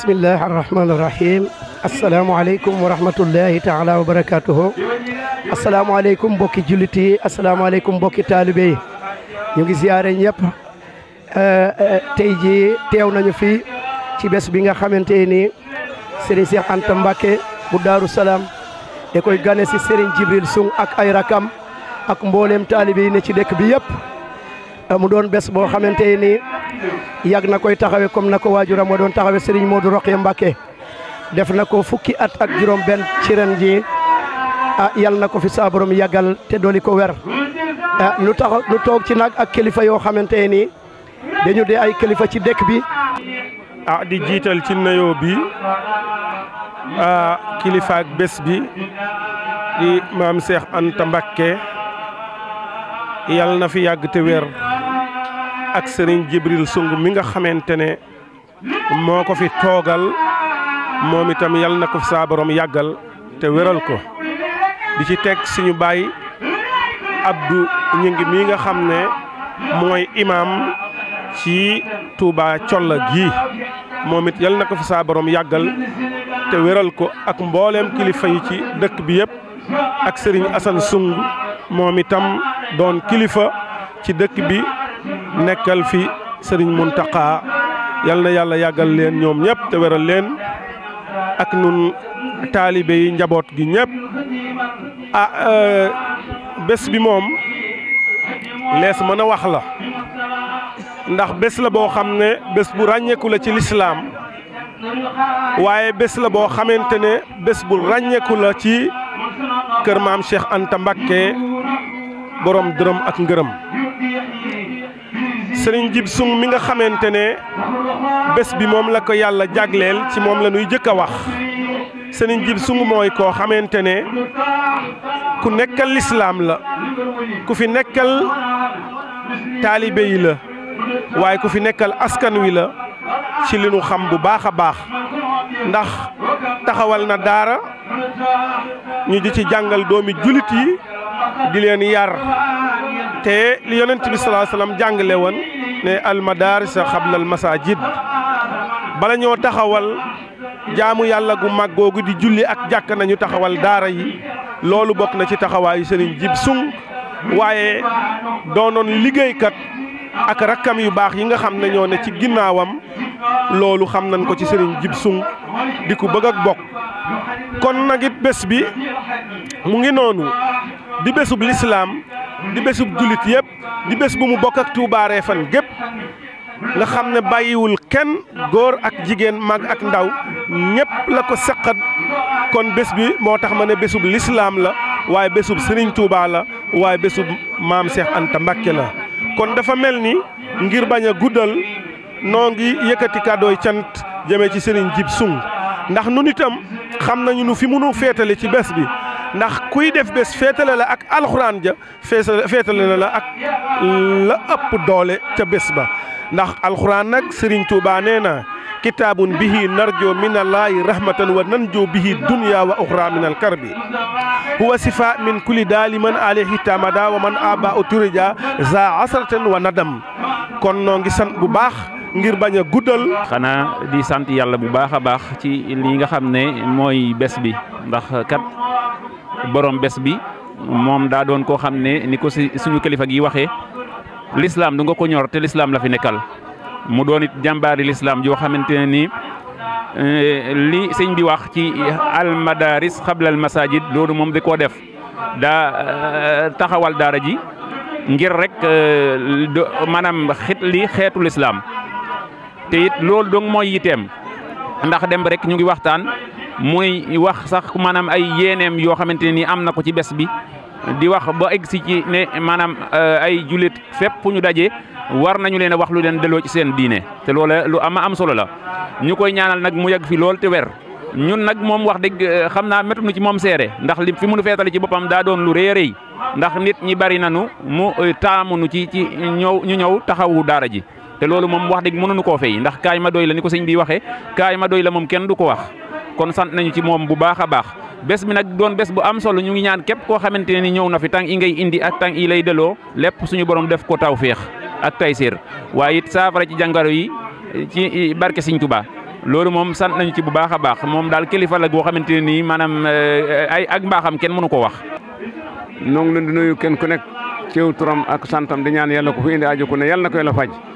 bismillah arrahman irrahim asalaamaaleykum wa rahmatullahi taala wa barakatuhu asalaamaaleykum mbokki jullit yi asalaamaaleykum mbokki taalibe yi ñu ngi ziyaare ñëpp eh, eh, tey ji teew nañu fi ci bes bi nga xamante ni Serigne Cheikh Anta Mbacké bu Daaru Salaam da koy gane si Serigne Jibril Sung ak ay rakam ak mbooleem taalibe yi ne ci dëkk bi yépp eh, mu doon bés boo xamante ni yàgg na koy taxawe comme na ko waajuram wa doon taxawe Serigne Modou Rokhaya Mbacké def na ko fukki at ak juróom benn ci ren ji ah, a yal na ko fi saa borom yàggal te dooli ko wer ah nu tax nu toog ci nag ak kilifa yoo xamante ne nii dañu de ay kilifa ci dëkk bi. a ah, di jiital ci nuyoo bi ah, kilifa ak bés bi di maam Cheikh Anta Mbacké yal na fi yàgg te wer. ak sëriñ Jibril Sung mi nga xamante ne moo ko fi toogal moom itam yal na ko saa borom yàggal te wéral ko di ci teg suñu baay Abdou ñu ngi mi nga xam ne mooy imaam ci Touba Colla gi moom it yal na ko fi saa yàggal te wéral ko ak mbooleem kilifa yi ci dëkk bi yëpp ak sëriñ Assane Sung moom itam doon kilifa ci dëkk bi nekkal fi sëriñ Mountakha yal na yàlla yàggal leen ñoom ñëpp te wéral leen ak nun taalibe yi njaboot gi ñëpp ah euh, bés bi moom lees mën a wax la ndax bés la boo xam ne bés bu ràññeeku la ci lislaam waaye bés la boo xamante ne bés bu ràññeeku la ci kër maam Cheikh Anta Mbakke borom dërëm ak ngërëm sëriñ Jib Sung mi nga xamante ne bés bi moom la ko yàlla jagleel ci moom la ñuy jëkk a wax sëriñ Jib Sung mooy koo xamante ne ku nekkal lislaam la ku fi nekkal taalibe yi la waaye ku fi nekkal askan wi la ci li nu xam bu baax a baax ndax taxawal na daara ñu di ci jàngal doomi julit yi di leen yar te li yonent bi salaa salaam jàngale woon ne almadarisa xabla almasajid bala ñoo taxawal jaamu yàlla gu mag googu di julli ak jàkk nañu taxawal daara yi loolu bokk na ci taxawaayu sëriñ jib sung waaye doonoon liggéeykat ak rakkam yu baax yi nga xam ne ñoo ne ci ginnaawam loolu xam nañ ko ci sëriñ jib sung di ku bëgg ak bokk kon nag bés bi mu ngi noonu di bésub lislaam di bésub jullit yëpp di bés bu mu bokk ak Touba Refane gépp nga xam ne bàyyiwul kenn góor ak jigéen mag ak ndaw ñëpp la ko seqat kon bés bi moo tax ma ne bésub lislaam la waaye bésub Serigne Touba la waaye bésub maam Cheikh Anta Mbacké la kon dafa mel ni ngir bañ a guddal noo ngi yëkkati kàddooy cant jëmee ci Serigne Jib Sung ndax nun itam xam nañu nu fi mënul féetale ci bés bi ndax kuy def bés féetale la ak alxuraan ja féetale la ak la ëpp doole ca bés ba ndax alxuraan nag Serigne Touba nee na kitaabun bihi narjo minallaahi rahmatan wa nanjo bihi dunya wa uxra min alkarbi huwa sifa min kulli daali man alayhi tamada wa man aba uturija za asratan wa nadam kon noo ngi sant bu baax ngir bañ a guddal. xanaa di sant yàlla bu baax a baax ci li nga xam ne mooy bes bi ndax kat borom bés bi moom daa doon koo xam ne ni ko si suñu kilifa gi waxee lislaam du nga ko ñor te lislaam la fi nekkal mu doon it jàmbaari lislaam joo xamante ne nii eh, li sëñ bi wax ci almadaris xablal masajid loolu moom di koo def daa eh, taxawal daara ji ngir rek eh, maanaam xit xeetu lislaam te it loolu dong mooy yiteem ndax dem rek ñu ngi waxtaan muy wax sax maanaam ay yéeneem yoo xamante ne nii am na ko ci bés bi di wax ba egg si ci ne maanaam euh, ay jullit fépp ñu daje war nañu leen wax lu leen delloo ci seen diine te loola lu ama am solo la ñu koy ñaanal nag mu yàgg fi lool te wer ñun nag moom wax dëgg euh, xam naa méttu nu ci moom seere ndax li fi munu feetale ci boppam daa doon lu rëy a ndax nit ñi bari nanu mu euh, taamu nu ci ci ñëw ñu ñëw taxawu daara ji te loolu moom wax dëgg mënuñu koo fay ndax kaay ma doy la ni ko sëñ bi waxee kaay ma doy la moom kenn du ko wax kon sant nañu ci moom bu baax a baax bes mi nag doon bes bu am solo ñu ngi ñaan képp koo xamante ne ni ñëw na fi tànk yi ngay indi ak tànk i lay delloo lépp suñu borom def ko taw féex ak tayseer waaye it saafara ci jàngaro yi ci barke Sëñ Tuubaa loolu moom sant nañu ci bu baax a baax moom daal kilifa la goo xamante ne nii maanaam eh, ay ak mbaaxam kenn mënu ko wax. noo ngi leen di nuyu kenn ku nekk ci turam ak santam di ñaan yàlla ku fi indi aajo ku ne yàlla na ko yàlla faj.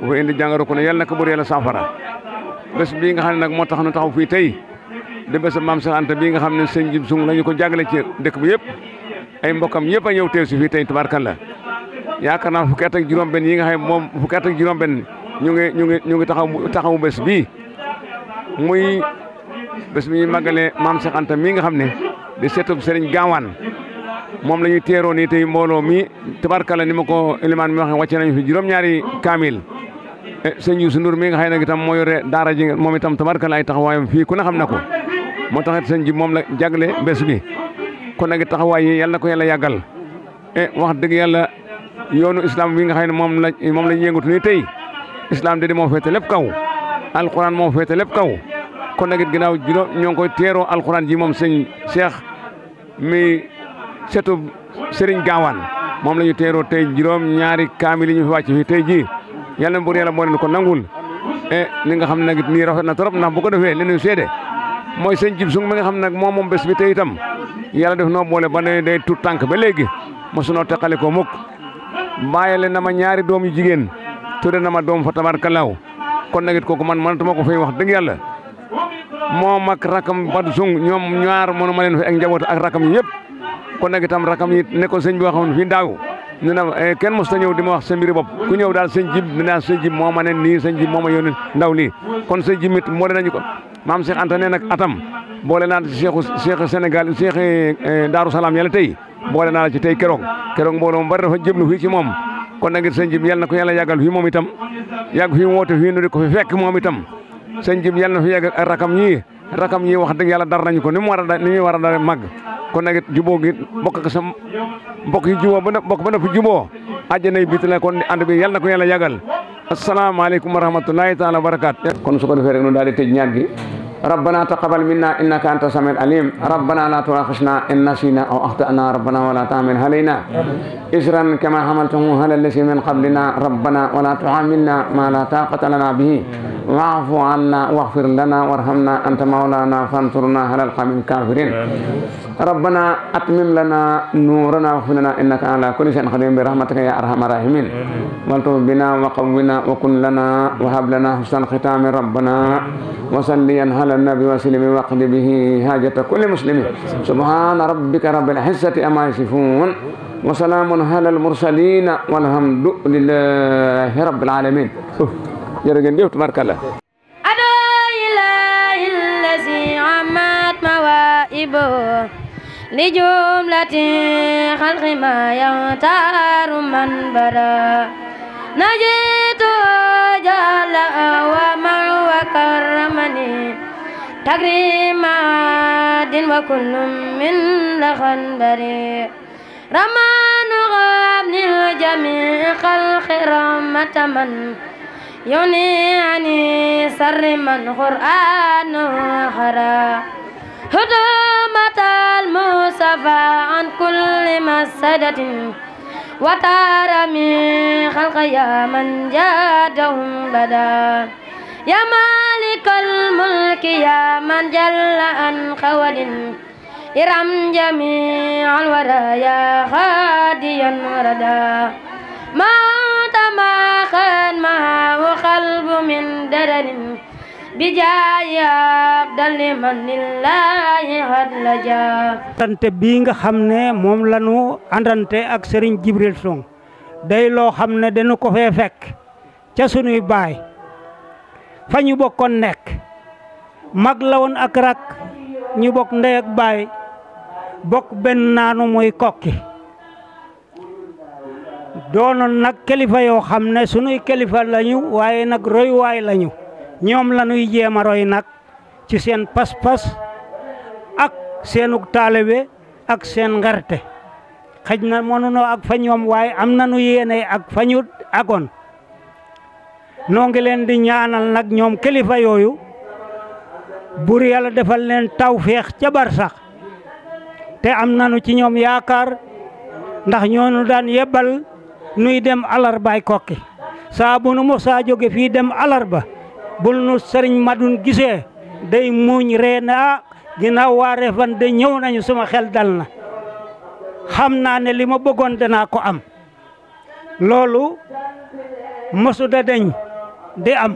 ku indi jàngoro ku ne yàlla na ko bëri yàlla saafara bés bii nga xam ne nag moo tax nu taxaw fii tey di bés maam Cheikh Anta bii nga xam ne sëñ Jib Sung la ko jàngale ci dëkk bi yëpp ay mbokkam yëpp a ñëw teew si fii tey tubaarkalla yaakaar la fukki at ak juróom-benn yi nga xam ne moom fukki juróom-benn ñu ngi ñu ngi ñu ngi taxaw taxawu bés bii muy bés bi ñuy màggalee maam Cheikh Anta mii nga xam ne di seetub sëriñ Gaawaan moom la ñuy teeroo nii tey mbooloo mi tabarkala ni ma ko élimaan mi waxee wàcce nañu fi juróom-ñaari kaamil eh, sëñ Youssou Ndour mi nga xay na itam moo yore daara ji moom itam tabarkala ay taxawaayam fii ku ne xam na ko moo taxit sëñ ji moom la jagle bés bi kon nag taxawaay yi yal na ko yàlla yàggal eh, wax dëgg yàlla yoonu islam wi nga xay na moom la moom la ñu yëngatu nii tey islam de moo féete lépp kaw alquran moo féete lépp kaw kon nag it ginnaaw juróom ñoo ngi ji moom sëñ Cheikh mi setu Serigne Gaawaan moom la ñu teeroo tey juróom ñaari kaamil yi ñu fi wàcc fi tey jii yàlla na buur yàlla moo leen ko nangul e li nga xam nag nii rafet na trop ndax bu ko defee li ñuy seede mooy sëñ jib sung mi nga xam nag moom moom bés mi tey itam yàlla def noo boole ba ne day tut tànk ba léegi mosunoo teqale ko mukk bàyyale na ma ñaari doom yi jigéen tudde na ma doom fa tabarkalaaw kon nag it kooku man mënatuma ko fay wax dëgg yàlla moo ak rakam badu sung ñoom ñaar mënu ma leen fay ak ak rakam yëpp ko nekk itam rakam yi nekkoon sëñ bi waxoon fii ndaaw ñu ne eh, kenn mos ta ñëw di ma wax sa mbiri bopp ku ñëw daal sëñ jib dinaa sëñ jib moo ma ne nii sëñ jib moo ma yónni ndaw lii kon sëñ jib mit moo nañu ko maam Cheikh Anta nee nag atam boole naa Cheikhu Cheikh Sénégal Cheikh eh, Daaru Salaam yàlla tey boole naa la ci tey keroog keroog mbooloo mu bari dafa jëblu fii ci moom kon nag sëñ jib yàlla na ko yala yaggal fii moom itam yàgg fii woote fii nu di ko fi fekk moom itam sëñ jib yàlla na fi yàgg rakam ñii rakam yi wax dëgg yàlla dar nañu ko ni mu war a ni ñuy war a dara màgg kon nag juboo gi bokk ak sa mbokk yi juboo ba mbokk ba noppi juboo àjjanay biti la kon ànd bi yàlla na ko yàlla yagal asalaamaaleykum wa rahmatullahi taala wa barakaatu kon su ko defee rek nu daal di tëj ñaan gi ربنا تقبل منا انك انت السميع العليم ربنا لا تؤاخذنا ان نسينا او اخطانا ربنا ولا تعمل علينا اجرا كما حملته على الذين من قبلنا ربنا ولا تعاملنا ما لا طاقه لنا به واعف عنا واغفر لنا وارحمنا انت مولانا فانصرنا على القوم الكافرين ربنا اتمم لنا نورنا واغفر لنا انك على كل شيء قدير برحمتك يا ارحم الراحمين والطف بنا وقونا وكن لنا وهب لنا حسن ختام ربنا وصليا على النبي وسلم واقض به حاجة كل مسلم سبحان ربك رب العزة أما يصفون وسلام على المرسلين والحمد لله رب العالمين جرجن ديو تبارك الله أنا إله الذي عمت موائبه لجملة خلق ما يغتار من برا نجيته جل ومن وكرمني تكريما دين وكل من لخن بري رمان غابن الجميع خلق رمة من يوني عني سر من قرآن خرا هدومة المصطفى عن كل مسدة وطار من خلق يا من جادهم بدا يا مالك الملك يا من جل عن خول إرم جميع الورى يا خاديا ردا ما تما خان ما قلب من درر bijaayi abdali manillahi hadlaja andante bii nga xam ne moom lañu andante ak Serigne Jibril Song day loo xam ne dañu ko fee ca sunuy baay fa ñu bokkoon nekk mag la ak rak ñu bokk ndey ak baay bokk benn naanu muy kokki doonoon nag kilifa yoo xam ne sunuy kilifa lañu waaye nag royuwaay lañu ñoom la ñuy jéem a roy nag ci seen pas-pas ak seenug taalibe ak seen ngarte xëj na mënunoo ak fa ñoom waaye am na nu yéene ak fa ñu agoon noo ngi leen di ñaanal nag ñoom kilifa yooyu bur yàlla defal leen tawféex ca barsax te am nanu ci ñoom yaakaar ndax ñoonu daan yebbal nuy dem alarbaay kokki saa mosaa jóge fii dem alarba bul nu sëriñ madun gisee day muuñ ree ne ginaaw ah, ginnaaw waa Refane de ñëw nañu suma xel dal na xam naa ne li ma bëggoon danaa ko am loolu mosu da deñ di am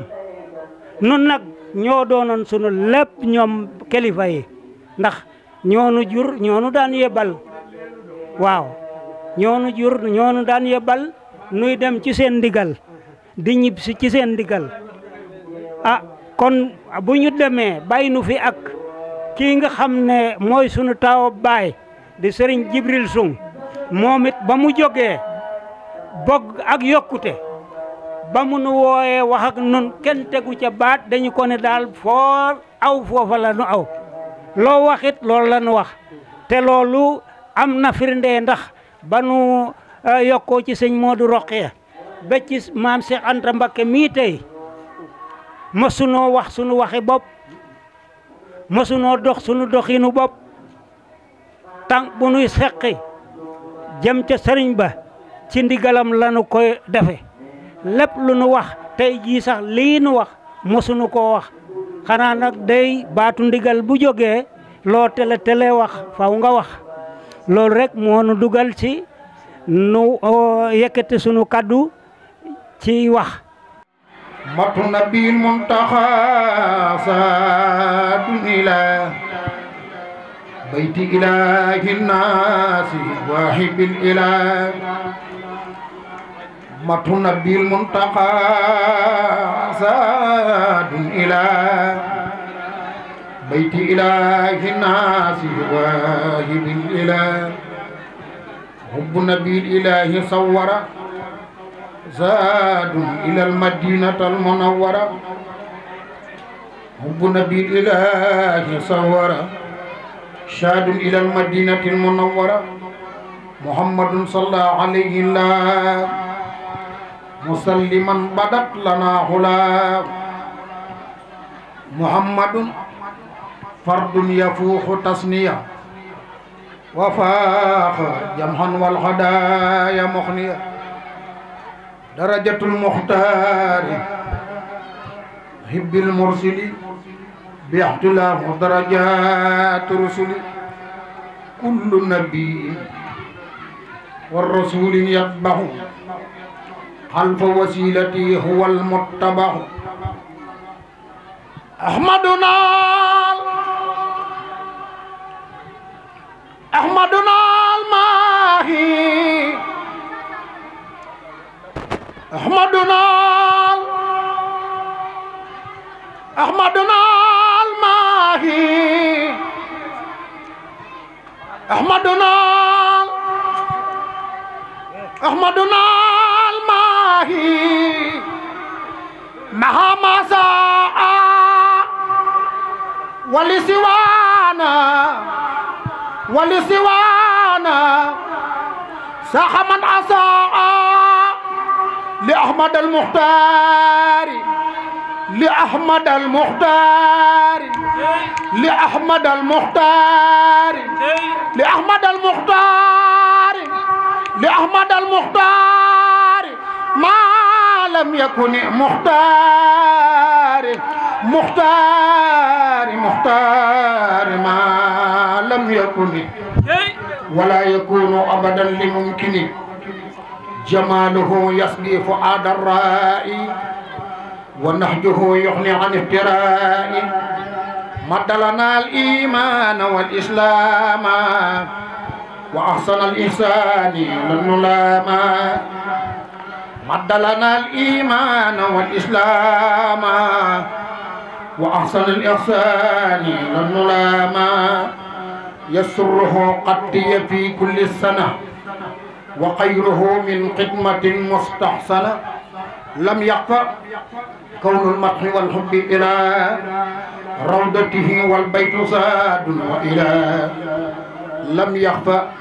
nun nag ñoo doonoon sunu lépp ñoom kilifa yi ndax ñoonu jur ñoonu daan yebal waaw ñoonu jur ñoonu daan yebal nuy dem ci seen ndigal di ñib ci seen ndigal ah kon bu ñu demee bàyyi nu fi ak kii nga xam ne mooy sunu taaw baay di sëriñ Jibril Sung moom it ba mu jógee bokk ak yokkute ba mu nu wooyee wax nun kenn tegu ca baat dañu ko ne daal foo aw foofa la nu aw loo waxit loolu la nu wax te loolu am na firnde ndax ba nu eh, yokkoo ci sëñ Modou Rokhaya ba ci maam Cheikh Anta Mbacké mii tey mësunoo wax sunu waxi bopp mësunoo dox sunu doxinu bopp tànk bu nuy seqi jëm ca sëriñ ba ci ndigalam lanu koy defe lépp lu nu wax tey jii sax lii nu wax mësunu koo wax xanaa nag day baatu ndigal bu jógee loo tele tele wax faw nga wax loolu rek moo nu dugal ci nu uh, yëkkati sunu kaddu ci wax مت نبي المنتخى صاد إلى بيت إله الناس واحب الإله مت نبي المنتقى صاد إلى بيت إله الناس واحب الإله حب نبي الإله صور zaadun ilal madinatal munawwara hubbu nabil ilaahi sawara shaadun ilal madinatil munawwara muhammadun salla alayhi la musalliman badat lana hula muhammadun fardun yafuuxu tasniya wa faaxa jamhan wal hadaaya muxniya درجة المختار هب المرسل باحتلاف درجات رسل كل نبي والرسول يتبع خلف وسيلتي هو المتبع أحمدنا أحمدنا الماهي أحمدنا أحمدنا الماهي أحمدنا أحمدنا الماهي مهما ساء ولسوانا ولسوانا ساح من أساء li ahmad al muxtaari li ahmad al muxtaari li ahmad al muxtaari li ahmad al muxtaari li ahmad al muxtaari maa lam yakuni muxtaari muxtaari muxtaari maa lam yakuni wala yakunu abadan li mumkini جماله يسقي فؤاد الرائي ونهجه يغني عن افترائي مد لنا الإيمان والإسلام وأحسن الإحسان لن نلام مد لنا الإيمان والإسلام وأحسن الإحسان لن نلام يسره قدي في كل سنة wa xayruhu min xidmatin mustaxsana lam yaqfa kawnul madhi wal hubbi ilaa rawdatihi wal baytu saadun wa ilaa lam yaqfa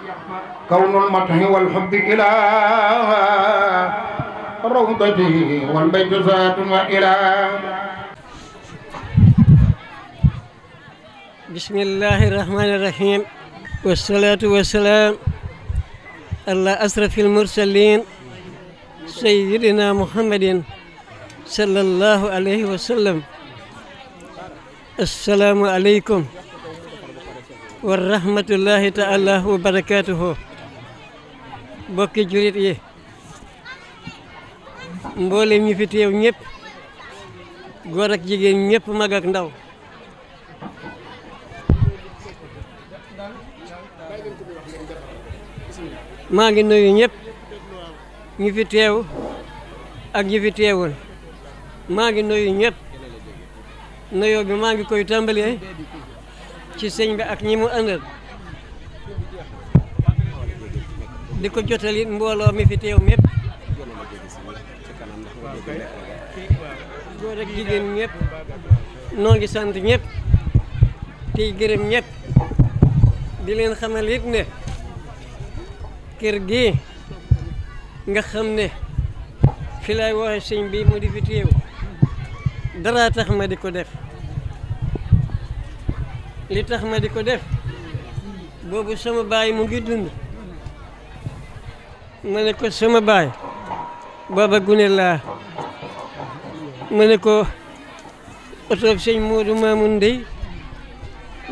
kawnul madhi wal hubbi ilaa rawdatihi wal baytu saadun wa ilaa bismillahi rahmaani rahiim wasalaatu wasalaam على أشرف المرسلين سيدنا محمد صلى الله عليه وسلم السلام عليكم ورحمة الله تعالى وبركاته bokki jurit yi mboolem ñi fi teew ñëpp góor ak jigéen ñëpp mag ak ndaw maa ngi nuyu ñëpp ñi fi teew ak ñi fi teewul maa ngi nuyu ñëpp nuyoo bi maa ngi koy tàmbalee ci sëñ bi ak ñi mu àndal di ko jotal it mbooloo mi fi teew mépp jigéen ñëpp noo ngi sant ñëpp tey gërëm ñépp di leen xamal it ne kër gi nga xam ne fi laay waxe sëñ bi mu di fi teew dara tax ma di ko def li tax ma di ko def boobu sama baay mu ngi dund ma ne ko sama baay booba gune laa ma ne ko otoog sëñ Moodu Maamun Ndey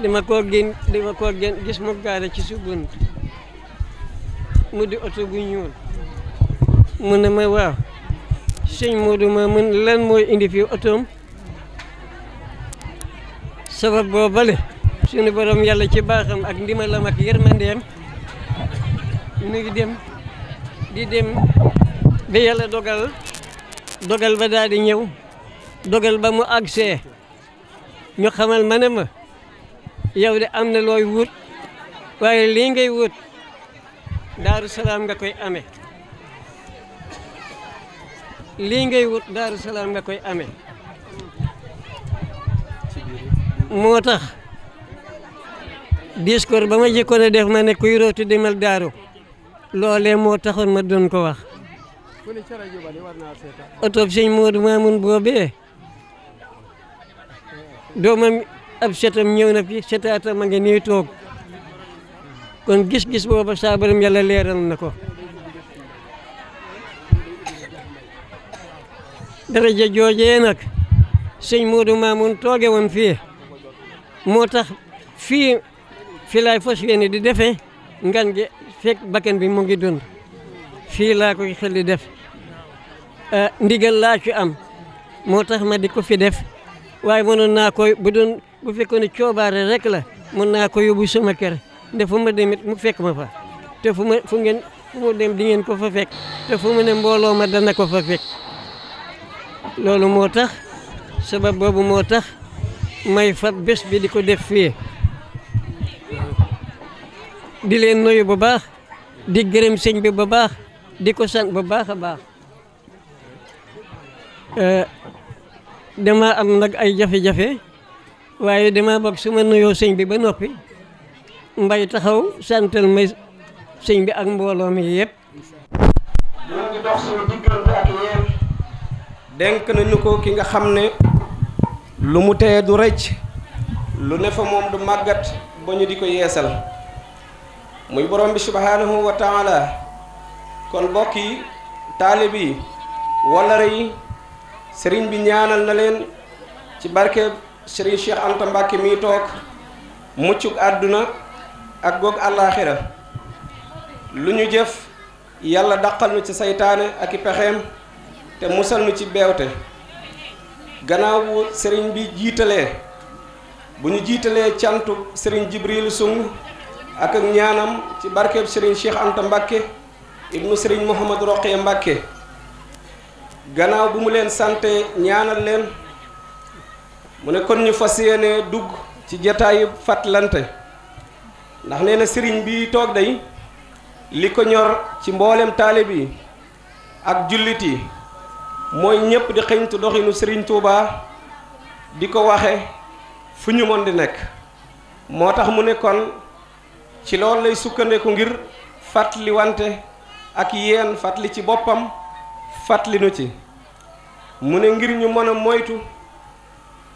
dama koo gén dama koo ko gis mu gaare ci su bunt mu di oto bu ñuul mu ne ma waaw sëñ Modou ma mun lan mooy indi fii otoom sabab boobale suñu borom yàlla ci baaxam ak ndimalam ak yërmandeem mu ngi dem di dem ba yàlla dogal dogal ba daal di ñëw dogal ba mu agsee ñu xamal ma ne ma yow de am na looy wut waaye lii ngay wut daaru salaam nga koy ame lii ngay wut daaru salaam nga koy ame moo tax discours ba ma jëkkoon a def ma ne kuy rooti demal daaru loole moo taxoon ma doon ko wax otob sëñ Moodu Maamun boobee doomam ab setam ñëw na fi setaatam ma ngi nii toog kon gis-gis booba saa borom yàlla leeral na ko daraja joojee nag sëñ Modou Mamoun tooge woon fii moo tax fii fii laay fas yéene di defe ngan gi fekk bakkan bi mu ngi dund fii laa koy xel di def eh, ndigal laa ci am moo tax ma di ko fi def waaye mënoon naa koy bu doon bu fekkoon ne coobaare rek la mën naa ko yóbbu sama kër nde fu ma demit mu fekk ma fa te fu ma fu ngeen fu ma dem di ngeen ko fa fekk te fu ma ne mbooloo ma dana ko fa fekk loolu moo tax sabab boobu moo tax may fab bés bi di ko def fii di leen nuyu bu baax di gërëm sëñ bi ba baax di ko sant ba baax a baax euh, dama am nag ay jafe-jafe waaye dama bëgg su ma nuyoo sëñ bi ba noppi mbay taxaw santal may sëñ bi ak mbooloo mi yëpp. ñu nañu ko ki nga xam ne lu mu teye du rëcc lu ne fa moom du màggat ba ñu di ko yeesal muy borom bi subhaanahu wa taala kon mbokk yi taalib yi walla rëy sëriñ bi ñaanal na leen ci barke sëriñ Cheikh Anta Mbacke mi toog muccuk àdduna ak goog àllaaxira lu ñu jëf yàlla daqal nu ci seytaane ak i pexeem te musal nu ci beewte gannaaw bu sëriñ bi jiitalee bu ñu jiitalee cantu sëriñ Jibril Sung ak ak ñaanam ci barkeeb sëriñ Cheikh Anta Mbàkke ibnu sëriñ Mouhamad Roqee Mbàkke gannaaw bu mu leen sante ñaanal leen mu ne kon ñu fas yéene dugg ci jataayu fàttalante ndax nee na sëriñ bi toog day li ko ñor ci mboolem taalib yi ak jullit yi mooy ñépp di xëñtu doxinu sëriñ Touba di ko waxe fu ñu mën di nekk moo tax mu ne kon ci loolu lay sukkandiku ngir fàttali wante ak yéen fàttali ci boppam fàttali nu ci mu ne ngir ñu mën moytu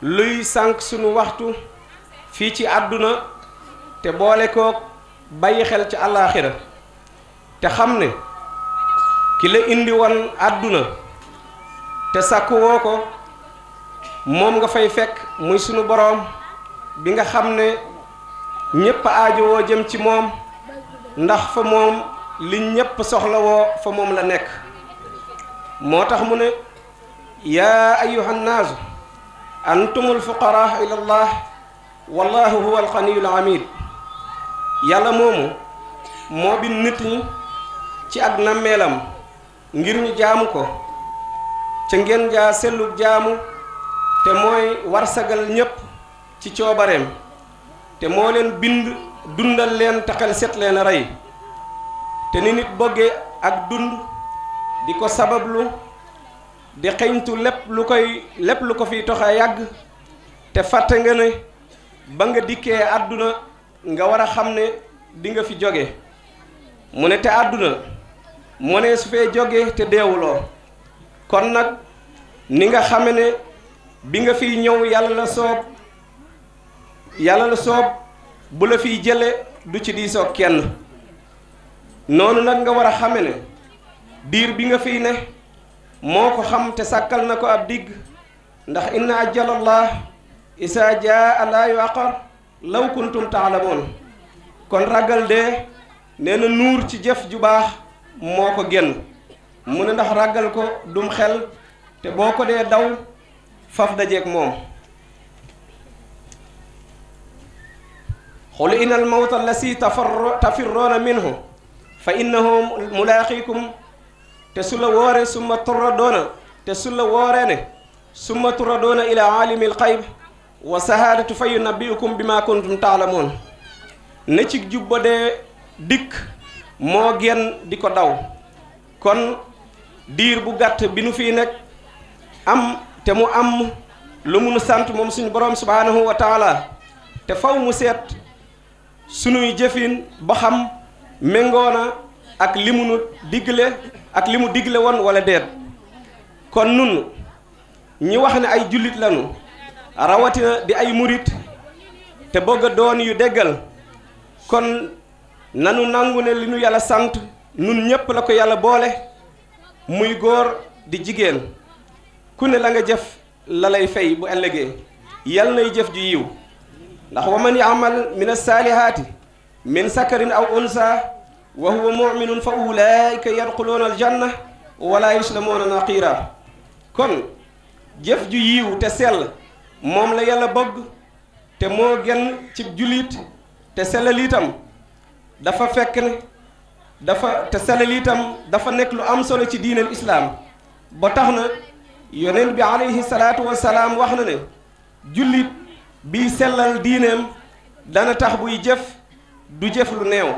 luy sànq sunu waxtu fii ci àdduna te boole kook bàyyi xel ci àllaaxira te xam ne ki la indi won àdduna te sàkku ko moom nga fay fekk muy sunu boroom bi nga xam ne ñépp aajowoo jëm ci moom ndax fa moom li ñépp soxlawoo fa moom la nekk moo tax mu ne yaa ayuha nnaasu antumul fuqaraa ila allah wallahu huwa alxaniyul hamid yàlla moomu moo bi nit ñi ci ak nàmmeelam ngir ñu jaamu ko ca ngeen jaa sellu jaamu te mooy warsagal ñépp ci coobareem te moo bind dundal leen taxal set a rey te ni nit bëggee ak dund di ko sabablu di xeñtu lépp lu ko fiy tox a yàgg te fàtte nga ne ba nga dikkee àdduna nga war a xam ne dinga fi jóge mu ne te àdduna mu ne su fee jóge te deewuloo kon nag ni nga xame ne bi nga fiy ñëw yàlla la soob yàlla la soob bu la fiy jële du ci diisoo kenn noonu nag nga war a xame ne diir bi nga fiy ne moo ko xam te sàkkal na ko ab digg ndax inna ajalallah isaa jaa laa yuaqar law kuntum taalamoon kon ragal dee nee na nuur ci jëf ju baax moo ko génn mu ne ndax ragal ko dum xel te boo ko dee daw faf dajeeg moom xul in al mawta allasi tafirroona minhu fa innahu mulaaqikum te su la woore summa turra doona te su la wooree ne summa turra doona ila aalimi alxayb wa sahaadatu fa yunabbiukum bi ma kuntum taalamoon ne ci jub ba dee dikk moo gën di ko daw kon diir bu gàtt bi nu fii nekk am te mu am lu mu sant moom suñu borom subhaanahu wa taala te faw mu seet sunuy jëfin ba xam méngoona ak li mu nu digle ak li mu digle woon wala déet kon nun ñi wax ne ay jullit lanu rawatina di ay murit te bëgg a doon yu déggal kon nanu nangu ne li nu yàlla sant nun ñépp la ko yàlla boole muy góor di jigéen ku ne la nga jëf la lay fay bu ëllëgee yàlla nay jëf ju yiw ndax wa man yaamal min as-saalihaati min sakarin aw unsa wa huwa muminun fa ulaika yadxuluuna aljanna wala yuslamuuna naqiira kon jëf ju yiw te sell moom la yàlla bëgg te moo gën ci jullit te sellal itam dafa fekk dafa te sellal itam dafa nekk lu am solo ci diineel islaam ba tax na yonent bi alayhi salaam wax na ne jullit bi sellal diineem dana tax buy jëf du jëf lu neew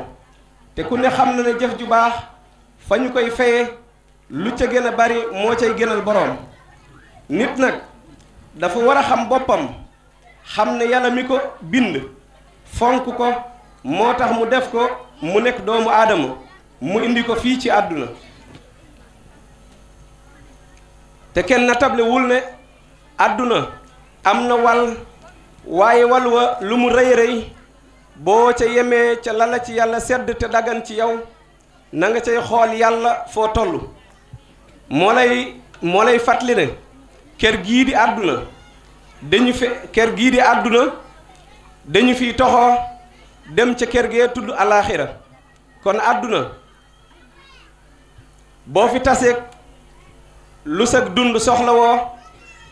te ku ne xam na ne jëf ju baax fa ñu koy feye lu ca gën a bari moo cay gënal boroom nit nag dafa war a xam boppam xam ne yàlla mi ko bind fonk ko moo tax mu def ko mu nekk doomu aadama mu indi ko fii ci àdduna te kenn na table wul ne àdduna am na wal waaye wal wa lu mu rëy rëy boo ca yemee ca lala ci yàlla sedd te daggan ci yow nanga nga cay xool yàlla foo toll moo lay moo lay fàttali ne kër gii di àdduna dañu fi kër gii di àdduna dañu fiy toxoo dem ca kër gee tudd alaaxira kon àdduna boo fi taseeg lu sag dund soxlawoo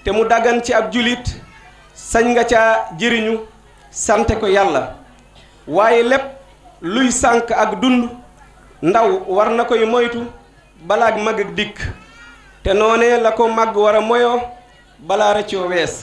te mu daggan ci ab julit sañ nga ca jëriñu sante ko yàlla waaye lépp luy sànk ak dund ndaw war na koy moytu balaag mag ak dikk te noonee la ko màgg war a moyoo balaa rëccoo wees